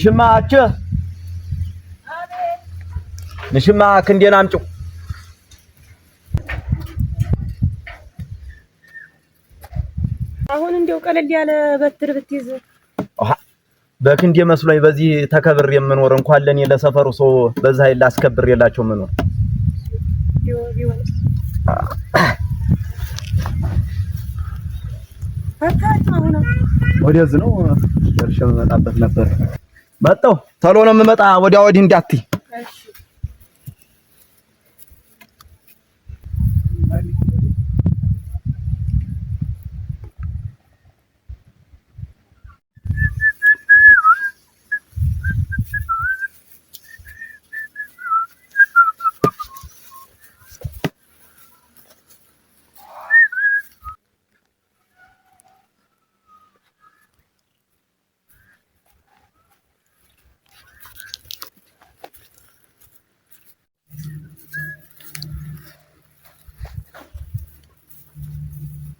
ንሽማ አቸ ንሽማ ክንዴን አምጪው። አሁን እንደው ቀለል ያለ በትር ብትይዝ በክንዴ መስሎኝ በዚህ ተከብር የምኖር እንኳን ለኔ ለሰፈሩ ሰው በዛ ኃይል አስከብር የላቸው የምኖር ወደዚህ ነው ደርሼ የምመጣበት ነበር። መጣሁ። ቶሎ ነው የምመጣ። ወዲያ ወዲህ እንዳትይ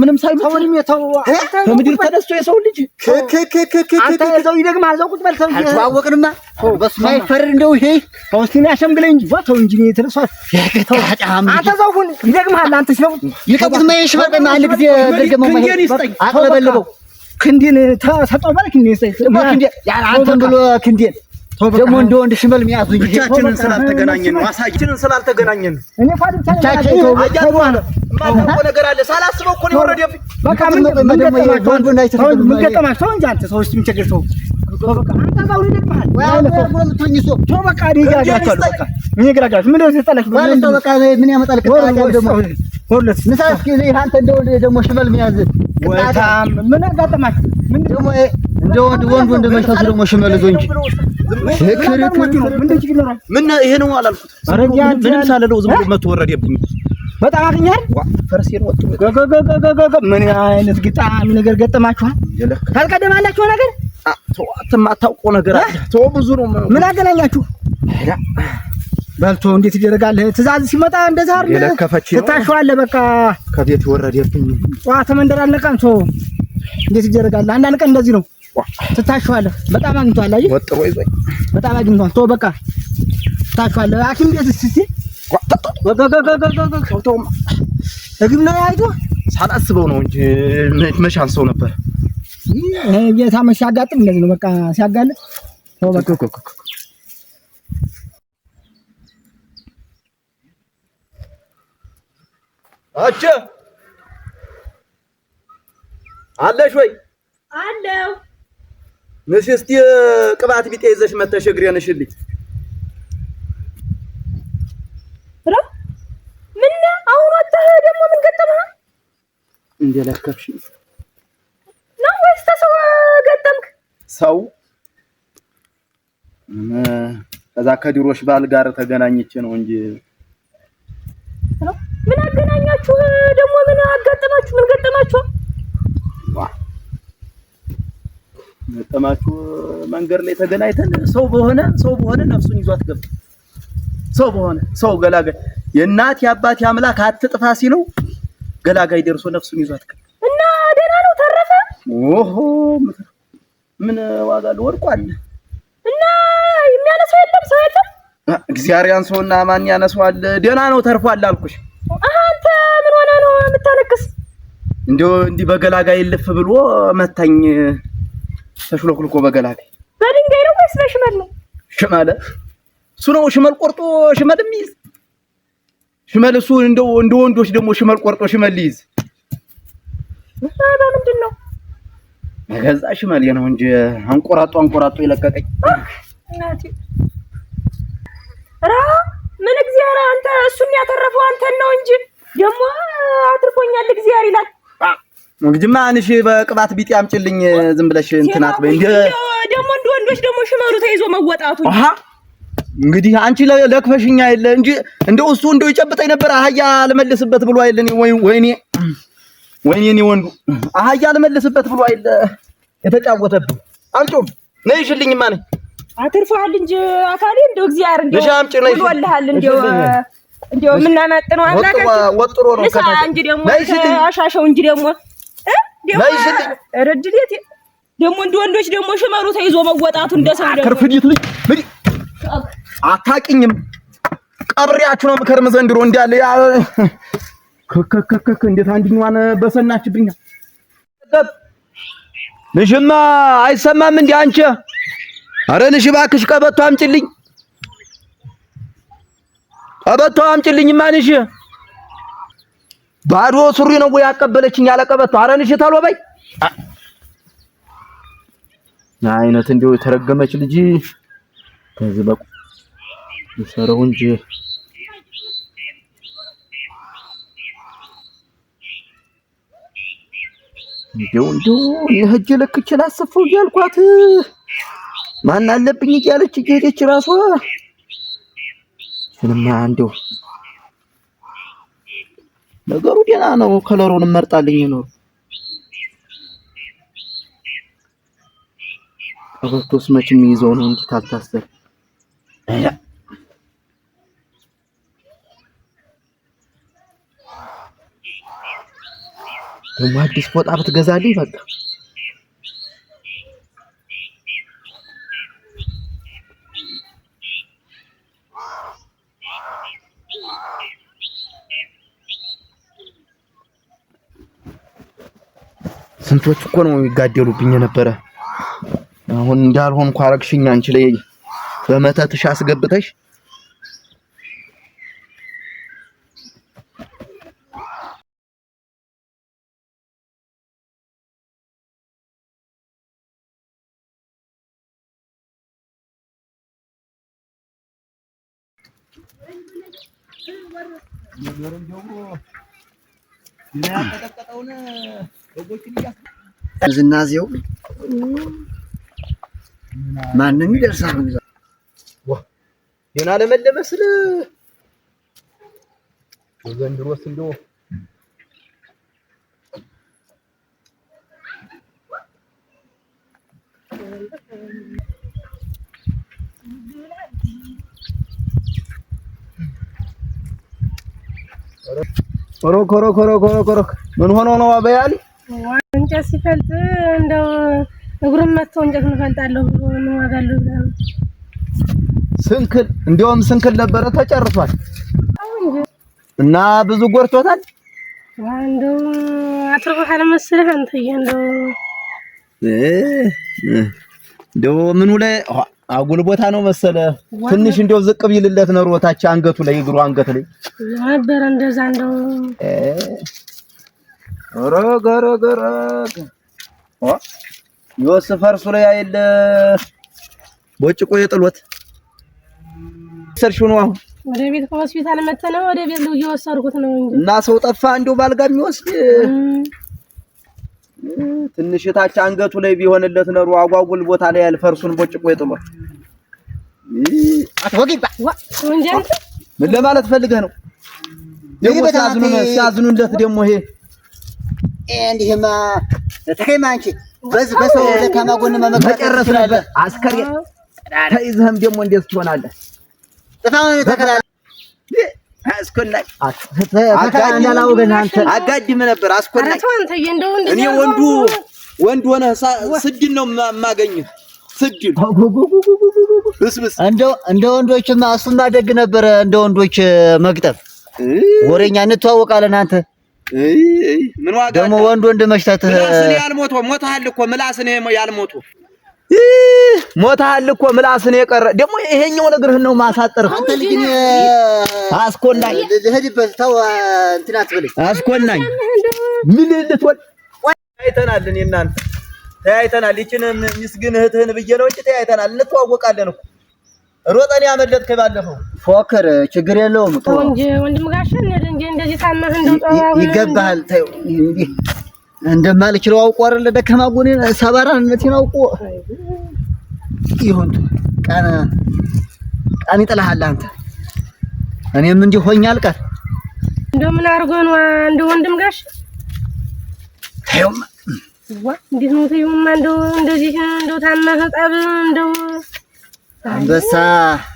ምንም ከምድር ተነስቶ የሰው ልጅ ይደግማል። እዛው በል አልተዋወቅንማ። በእሱማ እንደው ይሄ ተው እስኪ አሸምግለኝ እንጂ ተው እንጂ ይደግማል። አንተ ሲለው ይቀቁትማ አንድ ጊዜ አቅለበልበው ክንዴን ተሰጠው ማለት አንተን ብሎ ክንዴን ደግሞ እንደ ወንድ ሽመል መያዙኝ ብቻችንን ስላልተገናኘን ነው። አሳየችንን ስላልተገናኘን እኔ የማውቀው ምን ይሄ ነው አላልኩት። ምንም ሳልለው ዝም ብሎ መቶ ወረደብኝ። በጣም አገኘህ ፈረሴን ወጡ። ምን አይነት ግጣሚ ነገር ገጠማችኋል? ታልቀደማላችሁ ነገር አታውቀው ነገር አለ። ተው ብዙ ነው። ምን አገናኛችሁ? በልቶ እንዴት ይደረጋል? ትእዛዝ ሲመጣ እንደዛ አይደል? ትታሸዋለህ። በቃ ከቤት ወረደብኝ። ጠዋት መንደር አልነቃም። እንዴት ይደረጋል? አንዳንድ ቀን እንደዚህ ነው። ትታሸዋለህ። በጣም አግኝቷል። አይ በጣም አግኝቷል። በቃ ትታሸዋለህ። ሐኪም ቤት እስቲ ግብ ላይ አይቶ ሳላስበው ነው እንጂ ሰው ነበር። ጌታ መች ሲያጋጥም እንደዚህ ነው በቃ ሲያጋልጥ በቃ አቸ አለሽ ወይ? አለው። ንስ ቅባት ቢጤ ይዘሽ መተሽ እግሬንሽልኝ እንደለከፍሽ ነው ወይስ ተሰው ገጠምክ? ሰው ከዛ ከድሮሽ ባል ጋር ተገናኝቼ ነው እንጂ ምን አገናኛችሁ? ደግሞ ምን አጋጠማችሁ? ምን ገጠማችሁ? ገጠማችሁ መንገድ ላይ ተገናኝተን ሰው በሆነ ሰው በሆነ ነፍሱን ይዟት ገብ ሰው በሆነ ሰው ገላገ የእናት የአባት አምላክ አትጥፋ ሲለው ገላጋይ ደርሶ ነፍሱን ይዟት እና ደህና ነው ተረፈ። ኦሆ ምን ዋጋ አለው አለ እና የሚያነሳው የለም ሰው የለም። እግዚአብሔር ያንሰውና ማን ያነሳዋል? ደህና ነው ተርፏል አልኩሽ። አንተ ምን ሆነ ነው የምታለቅስ? እንዲሁ እንዲህ በገላጋይ ልፍ ብሎ መታኝ ተሽሎክልኮ በገላጋይ በድንጋይ ነው ወይስ በሽመል ነው? ሽመለ እሱ ነው ሽመል ቆርጦ ሽመል የሚይዝ ሽመልሱ እንደ ወንዶች ደግሞ ሽመል ቆርጦ ሽመል ይዝ ምንድን ነው ከዛ ሽመል ነው እንጂ አንቆራጦ አንቆራጦ ይለቀቀኝ። ራ ምን እግዚአብሔር አንተ እሱን ያተረፈው አንተን ነው እንጂ ደግሞ አትርፎኛል እግዚአብሔር ይላል። እንግዲህማ አንሺ በቅባት ቢጤ አምጪልኝ ዝም ብለሽ እንትናት በይ ደግሞ እንደ ወንዶች ደግሞ ሽመሉ ተይዞ መወጣቱ አሃ እንግዲህ አንቺ ለክፈሽኛ የለ እንጂ እንደው እሱ እንደው ይጨብጠኝ ነበር አህያ አልመልስበት ብሎ አይደል? ወይ ወይኔ ወይኔ እኔ ወንዱ አህያ አልመልስበት ብሎ አይደል? የተጫወተብኝ አምጪውም ነይሽልኝማ ነኝ አትርፈሃል እንጂ አካሌ እንደው እግዚአብሔር እንደው ልጅ ለሻምጭ ነይ ይወልሃል እንደው እንደው የምናመጥነው አምላካችን ወጥሮ ነው ከታ እንጂ ደግሞ አሻሻው እንጂ ደግሞ እ ደግሞ ረድዴት ደግሞ እንደ ወንዶች ደግሞ ሽመሩ ተይዞ መወጣቱ እንደሰው ደግሞ አታቂኝም ቀብሬያችሁ ነው ምከርም ዘንድሮ እንዲያለ ያ ከከከከ እንዴት አንድኛዋን በሰናችብኛ ንሽማ አይሰማም እንዴ አንቺ? አረ ንሽ እባክሽ ቀበቶ አምጪልኝ፣ ቀበቶ አምጪልኝማ ንሽ። ባዶ ሱሪ ነው ወይ ያቀበለችኝ ያለ ቀበቶ? አረ ንሽ ታሎ በይ አይነት እንዴው የተረገመች ልጅ ከዚህ በቁ ምሰራው እንጂ እንደው እንደው የህጅ ልክ ይችላል አሰፈው እያልኳት ማን አለብኝ እያለች እየሄደች ራሷ ስንማ እንደው ነገሩ ደህና ነው። ከለሩን መርጣልኝ ነው ቀበቶስ መቼም ይዘው ነው እንጂ ታልታሰር ደግሞ አዲስ ፎጣ ብትገዛልኝ በቃ ስንቶች እኮ ነው የሚጋደሉብኝ የነበረ። አሁን እንዳልሆንኩ አረግሽኝ አንቺ ላይ በመተትሽ አስገብተሽ ዝናዜው ማንም ይደርሳል። የሆነ አለመለመ ስለ ዘንድሮስ እንደው ሮክ ሮክ ሮክ ሮክ ሮክ ምን ሆኖ ነው አበያል? እንጨት ሲፈልጥ እንደው እግሩን መጥቶ እንጨት እንፈልጣለሁ ብሎ ምን ዋጋ አለው ብለህ ነው። ስንክል እንዲያውም ስንክል ነበረ ተጨርሷል። እና ብዙ ጎርቶታል። እንደው አትርፎሃል መሰለህ አንተዬ እንደው እ እንደው ምኑ ላይ አጉል ቦታ ነው መሰለ። ትንሽ እንደው ዝቅ ቢልለት ነው ሮታች አንገቱ ላይ እግሩ አንገት ላይ ነበር እንደዛ እንደው ረግ ረግ ረግ ዮስ ፈርሱ ላይ አይደለ ቦጭቆ የጥሎት ሰርሽው ነው። አሁን ወደ ቤት ከሆስፒታል መተነው ወደ ቤት ልጅ የወሰድኩት ነው እንጂ እና ሰው ጠፋ እንደው ባልጋ የሚወስድ ትንሽ ታች አንገቱ ላይ ቢሆንለት ነው አጓጉል ቦታ ላይ ያልፈርሱን ቦጭቆ ይጥሎ አትወጊባ ምን ለማለት ፈልገህ ነው? ደግሞ ሲያዝኑለት ደግሞ ይሄ እንዲህማ ተከይማ አንቺ በዝ በሰው ለካማ ጎን መመግባት ነበር አስከሬ ተይዘህም ደግሞ እንዴት ትሆናለህ? ጥፋውን ተከላለ አስኮላኝ አጋድም ነበር። እኔ ወንዱ ወንድ ስድን ነው ስድን እንደ ደግ ነበረ። እንደ ወንዶች መግጠም ወሬኛ እንተዋወቃለን። አንተ ምን ደግሞ ወንድ ወንድ ምላስን ያልሞቶ እኮ ምላስን ያልሞቶ ሞታል እኮ ምላስን የቀረ ደግሞ ይሄኛው ነገርህን ነው ማሳጠር። አንተ ልጅ አስኮናኝ ልሄድበት ተው እንትን አትበለኝ። አስኮናኝ ምን ልትወል አይተናል። እኔ እናንተ ተያይተናል። ይችን ምስግን እህትህን ብዬ ነው እንጂ ተያይተናል። እንተዋወቃለን እኮ ሮጠን ያመለጥከኝ ባለፈው። ፎከር ችግር የለውም ተው እንጂ ወንድም ጋሽን እንደዚህ ታመህ እንደው ይገባሃል። ተይው እንዲህ እንደማልችለው አውቆ አይደል ደካማ ጎኔን ሰባራነቴን አውቆ ይሁን። ቀን ቀን ይጥልሃል አንተ። እኔም እንዲህ ሆኜ አልቀር። እንደምን ምን አድርጎ ነው አንድ ወንድም ጋሽ ታየውማ ዋ እንዴት ነው ታየውማ? እንደው እንደዚህ እንደው ታመህ ጠብ እንደው አንበሳ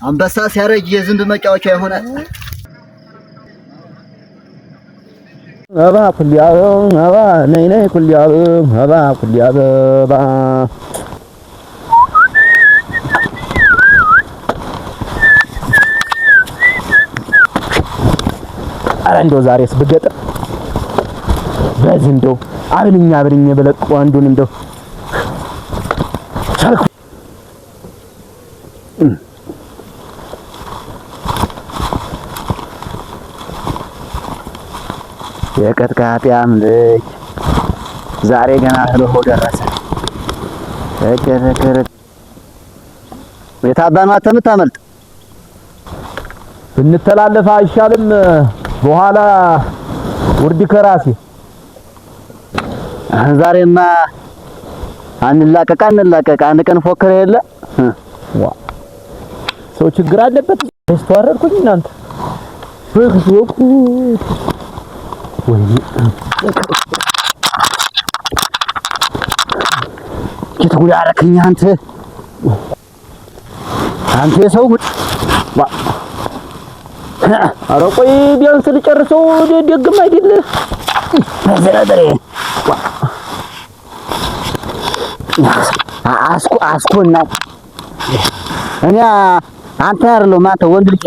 አንበሳ ሲያረጅ የዝንብ መጫወቻ ይሆናል። አባ ኩሊ አበባ ነይ ነይ ኩሊ አበባ አበባ ኩሊ አበባ እንደው ዛሬስ ብገጥም በዚህ እንደው አብልኝ አብልኝ ብለቁ አንዱን እንደው የቀጥቃጢያም አምልክ ዛሬ ገና እልሆ ደረሰ። እከረከረ የታባኑ ተምታመልጥ ብንተላለፍ አይሻልም? በኋላ ውርድ ከራሴ ዛሬማ አንላቀቅ አንላቀቃ አንድ ቀን ፎክር የለ ሰው ችግር አለበት። ተስተዋረድኩኝ እናንተ ፍክስ ወቁ Wah ini ጌታው ያረከኝ አንተ አንተ የሰው ጉድ ኧረ ቆይ ቢያንስ ልጨርሰው ደግም አይደለ በዘረደሬ አስኮ አስኮና እኔ አንተ አይደለሁም አንተ ወንድ ልጅ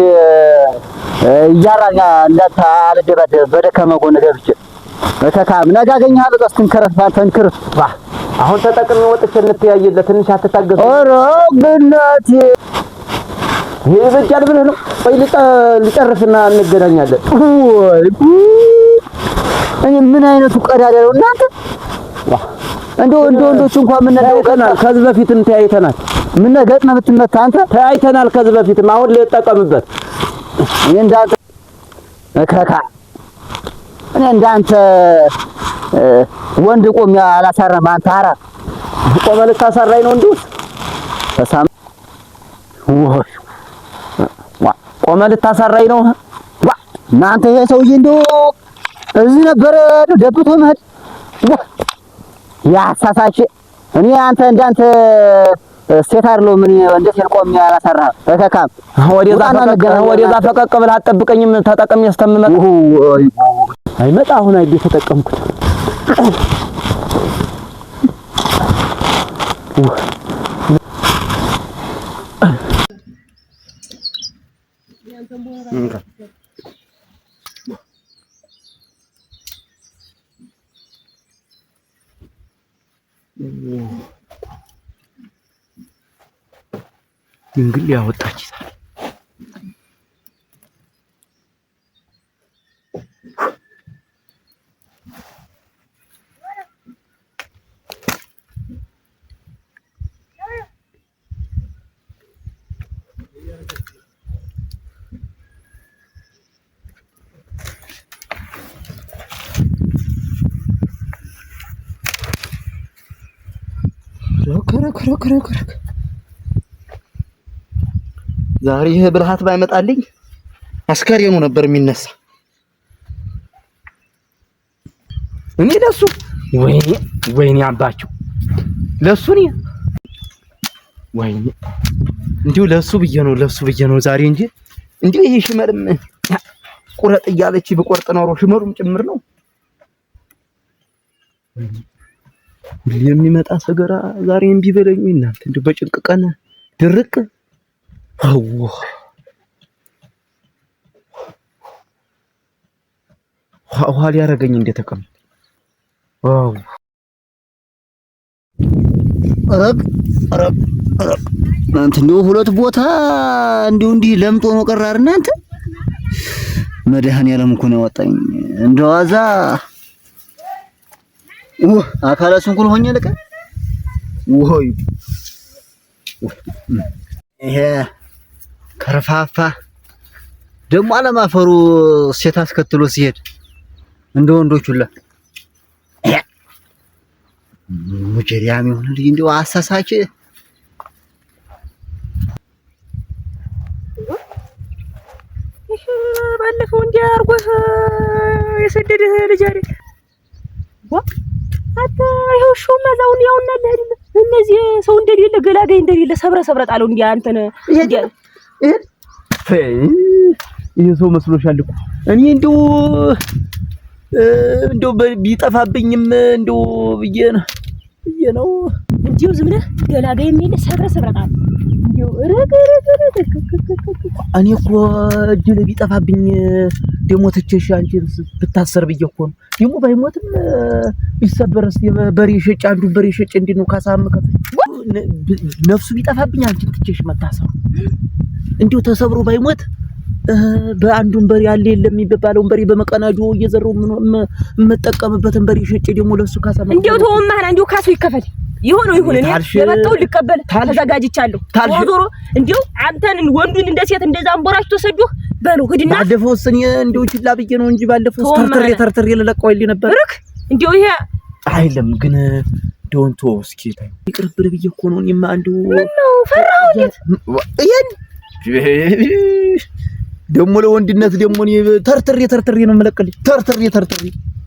እያራኛ እንዳታልደበት በደከመ ጎን ገብቼ እተካም ነገ አገኘሀለሁ። ቀስ ትንከረፍ ባልተንክርፍ አሁን ተጠቅሜ ወጥቼ እንተያየለ ትንሽ አትታገሱ። ኧረ ግነት ይህ ይበጃል ብለህ ነው ወይ? ሊጨርስና እንገናኛለን። እኔ ምን አይነቱ ቀዳዳ ነው እናንተ! እንደው እንደው እንኳን ምን እንደው ከዚህ በፊት እንተያይተናል። ምን ነገጥ ነው ብትመታ አንተ ተያይተናል ከዚህ በፊት አሁን ልጠቀምበት እኔ እንዳንተ እከካ እኔ እንዳንተ ወንድ ቆም ያላሳረም አንተ አራ ቆመ ልታሰራኝ ነው እንዴ ተሳም ወህ ዋ ቆመ ልታሰራኝ ነው ዋ እናንተ ይሄ ሰውዬ እንደው እዚህ ነበረ ደብቶ መሄድ ዋ ያሳሳች እኔ አንተ እንዳንተ ሴት አይደለሁ ምን እንዴት ቆሜ አላሰራህም? እከካም ወደዛ ፈቀቅ ወደዛ ፈቀቅ ብለህ አትጠብቀኝም። ተጠቅሜ እስከምመጣ አይመጣ አሁን አይዴ ተጠቀምኩት። ድንግል ሊያወጣች ይታል። Look, look, look, look, look. ዛሬ ይህ ብልሃት ባይመጣልኝ አስከሬኑ ነበር የሚነሳ። እኔ ለሱ ወይኔ ወይኔ አባቸው ለሱ ነው ወይኔ እንዲሁ ለሱ ብዬ ነው ለሱ ብዬ ነው ዛሬ እንጂ እንዲሁ ይሄ ሽመልም ቁረጥ እያለች ብቆርጥ ኖሮ ሽመሉም ጭምር ነው የሚመጣ ሰገራ ዛሬ እምቢ በለኝ እናንተ እንዲሁ በጭንቅ ቀን ድርቅ Allah. ውሃ ሊያረገኝ እንደተቀም ዋው እናንተ እንደው ሁለት ቦታ እንደው እንዲህ ለምጦ ነው ቀራር እናንተ መድኃኔዓለም እኮ ነው ያወጣኝ እንደዋዛ ኡ አካለ ስንኩል ሆኜ ልቀ ወይ ይሄ ከርፋፋ ደግሞ አለማፈሩ ሴት አስከትሎ ሲሄድ እንደ ወንዶች ሁላ ሙጀሪያም የሆነ ልጅ እንደው አሳሳች ባለፈው እንዲያ አርጎህ የሰደደህ ልጅ አይደል? አንተ ይኸው ሹም መዛውን ያውና ለህ እነዚህ ሰው እንደሌለ ገላጋይ እንደሌለ ሰብረ ሰብረ ጣለው እንዲያ አንተን ይሄ ሰው መስሎሻል እኮ እኔ እንደው እንደው ቢጠፋብኝም እንደው ብዬ ነው ብዬ ነው እንዲሁ ዝም ብለህ የሚል ሰብረ ሰብረታል። እኔ እኮ እድል ቢጠፋብኝ አንቺ ብታሰር ብዬ እኮ ነው። ባይሞትም በሬ ሸጭ አንዱ በሬ ሸጭ ነፍሱ ቢጠፋብኝ አንቺን ትቼሽ መታሰሩ እንዲሁ ተሰብሮ ባይሞት በአንዱ በሬ አለ የለም የሚባለውን በሬ በመቀናጆ እየዘረው የምጠቀምበትን በሬ ሸጬ ደግሞ ለሱ ካሳ ማለት እንዴው ተወማና እንዴው ካሱ ይከፈል ይሆነው ይሁን። እኔ የመጣው ልቀበል ተዘጋጅቻለሁ። ዞሮ ዞሮ እንዴው አንተን ወንዱን እንደ ሴት እንደዛ አንቦራሽ ተሰዱ በለው ሂድና ባለፈው እኔ እንዴው ችላ ብዬ ነው እንጂ ባለፈው ተርተሬ ተርተሬ ልለቀው ይል ነበር። እርክ እንዴው ይሄ አይለም ግን ዶንቶ እስኪ ይቅርብር ብዬ እኮ ነው እኔማ እንዴው ፈራሁ። እንዴት ይሄን ደግሞ ለወንድነት ደግሞ ተርትሬ ተርትሬ ነው የምለቅልኝ። ተርትሬ ተርትሬ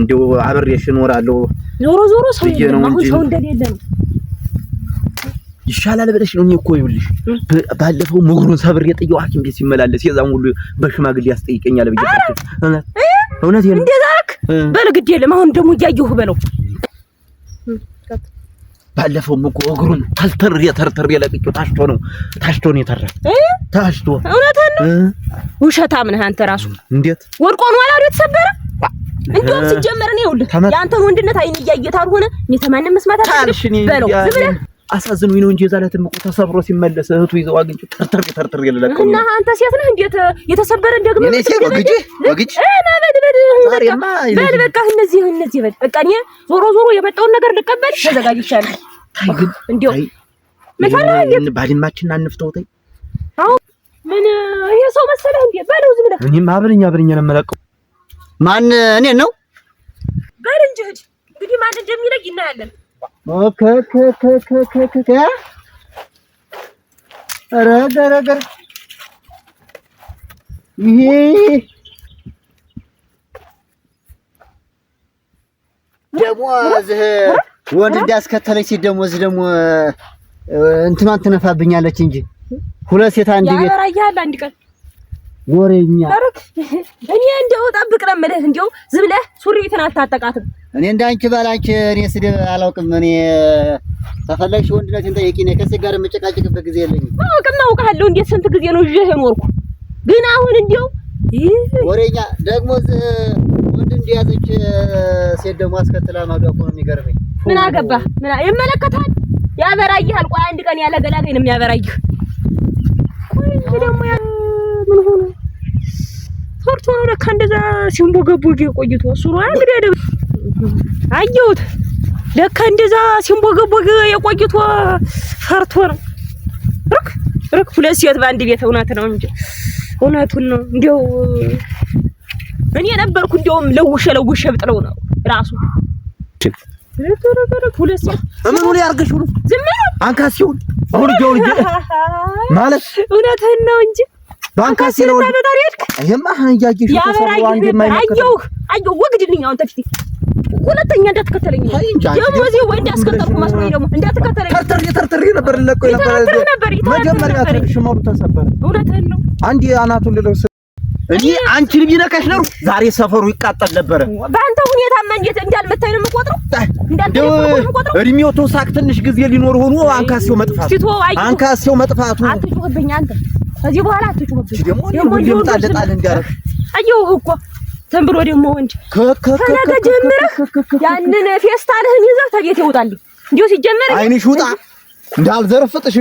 እንደው አብሬሽ እኖራለሁ ዞሮ ዞሮ ሰው የለም ሰው እንደሌለ ነው ይሻላል ብለሽ ነው። እኔ እኮ ይኸውልሽ ባለፈው ሞግሩን ሰብሬ ጥየው ሐኪም ቤት ሲመላለስ የዛም ሁሉ በሽማግሌ ያስጠይቀኛል ብዬሽ እውነት እንደዛ አልክ። በል ግድ የለም አሁን ደግሞ እያየሁህ በለው ባለፈው እኮ እግሩን ተልተሬ የተርተር ለቅቄው ታሽቶ ነው ታሽቶ ነው የተረፈ። ታሽቶ እውነትህን ነው። ውሸታም ነህ አንተ ራሱ። እንዴት ወድቆ ነው አላሉ የተሰበረ። እንደውም ሲጀመር ነው ይኸውልህ፣ የአንተን ወንድነት አይን እያየህ ታልሆነ እኔ ተማንም መስማት አልችልም በለው ዝም ብለህ አሳዝኑ ነው እንጂ የዛ የዛለ ትምቁ ተሰብሮ ሲመለስ እህቱ ይዘው አግኝቼ ተርተር ተርተር የለለቀው እና አንተ ሴት ነህ እንዴት የተሰበረ እንደግመ እኔ ሴት ወግጂ ወግጂ እና በል በል በል በቃ እነዚህ እነዚህ በል በቃ እኔ ዞሮ ዞሮ የመጣውን ነገር ልቀበል ተዘጋጅቻለሁ። ታይ ግን እንዴው መታራ ባድማችን አንፍተው ታይ አው ምን ይሄ ሰው መሰለህ እንዴ በለው ዝም ብለህ እኔ ማብረኛ አብረኛ ነው የምለቀው ማን እኔ ነው በል እንጂ እንግዲህ ማን እንደሚለይ እናያለን። ረገረገር ይሄ ደግሞ እዚህ ወንድ እንዳስከተለች ሴት ደግሞ እዚህ ደግሞ እንትኗን ትነፋብኛለች እንጂ ሁለት ሴት አንድ ቤት ያበራያል። አንድ ቀን ወሬኛ እኔ እንደው ጠብቅ ነው የምልህ። እንደው ዝም ብለህ ሱሪትን እኔ እንዳንቺ ባላንቺ እኔ ስድብ አላውቅም። እኔ ተፈለግሽ ወንድነትን ጠይቂ። እኔ ከዚህ ጋር የምጨቃጭቅበት ጊዜ የለኝም። አውቅም አውቃለሁ። እንዴት ስንት ጊዜ ነው ይዤ የኖርኩ ግን አሁን እንዲያው ወሬኛ ደግሞ ወንድ እንዲያዘች ሴት ደግሞ አስከትላ ማዶ እኮ ነው የሚገርመኝ። ምን አገባ ምን ይመለከታል? ያበራይሃል። ቆይ አንድ ቀን ያለ ገላገኝ ነው የሚያበራይህ። ቆይ እንግዲህ ደግሞ ያ ምን ሆኖ ቶርቶ ነው ለካ እንደዛ ገቦ ቆይቶ እሱ ነው እንግዲህ አየሁት። ለካ እንደዛ ሲንቦገቦገ የቆይቶ ፈርቶ ነው። ርክ ርክ ሁለት ሴት በአንድ ቤት እውነት ነው እንጂ እውነቱን ነው። እንደው እኔ ነበርኩ እንደውም ለውሸ ለውሸ ብጥለው ነው ራሱ ዝም አንካስ አሁን ማለት እውነትህን ነው እንጂ ባንካስ አንድ ወግድልኝ አሁን ሁለተኛ እንዳትከተለኝ ደግሞ እዚህ ወይ እንዳስከተልኩ መስሎኝ ደግሞ እንዳትከተለኝ ተርተር ተርተር ነበር ልለቀው ነበር መጀመሪያ ሽመሩ ተሰበረ። እውነትህን ነው። አንድ አናቱን ልለውስ እኔ አንቺን ቢነካሽ ነው ዛሬ ሰፈሩ ይቃጠል ነበረ። በአንተ ሁኔታ እንዴት እንዳልመታኝ ነው የምቆጥረው። እድሜው ተውሳክ ትንሽ ጊዜ ሊኖር ሆኖ አንካሴው መጥፋቱ አንካሴው መጥፋቱ አትጩህብኝ አንተ ከዚህ በኋላ አትጩህብኝ ደግሞ ጣል ጣል እንዲያረግ አየሁ እኮ ዝም ብሎ ደግሞ ወንድ ከነገ ጀምረህ ያንን ፌስታልህን ይዘህ ተቤት ይውጣልኝ። እንዲሁ ሲጀመር አይንሽ ውጣ እንዳልዘረፍጥሽ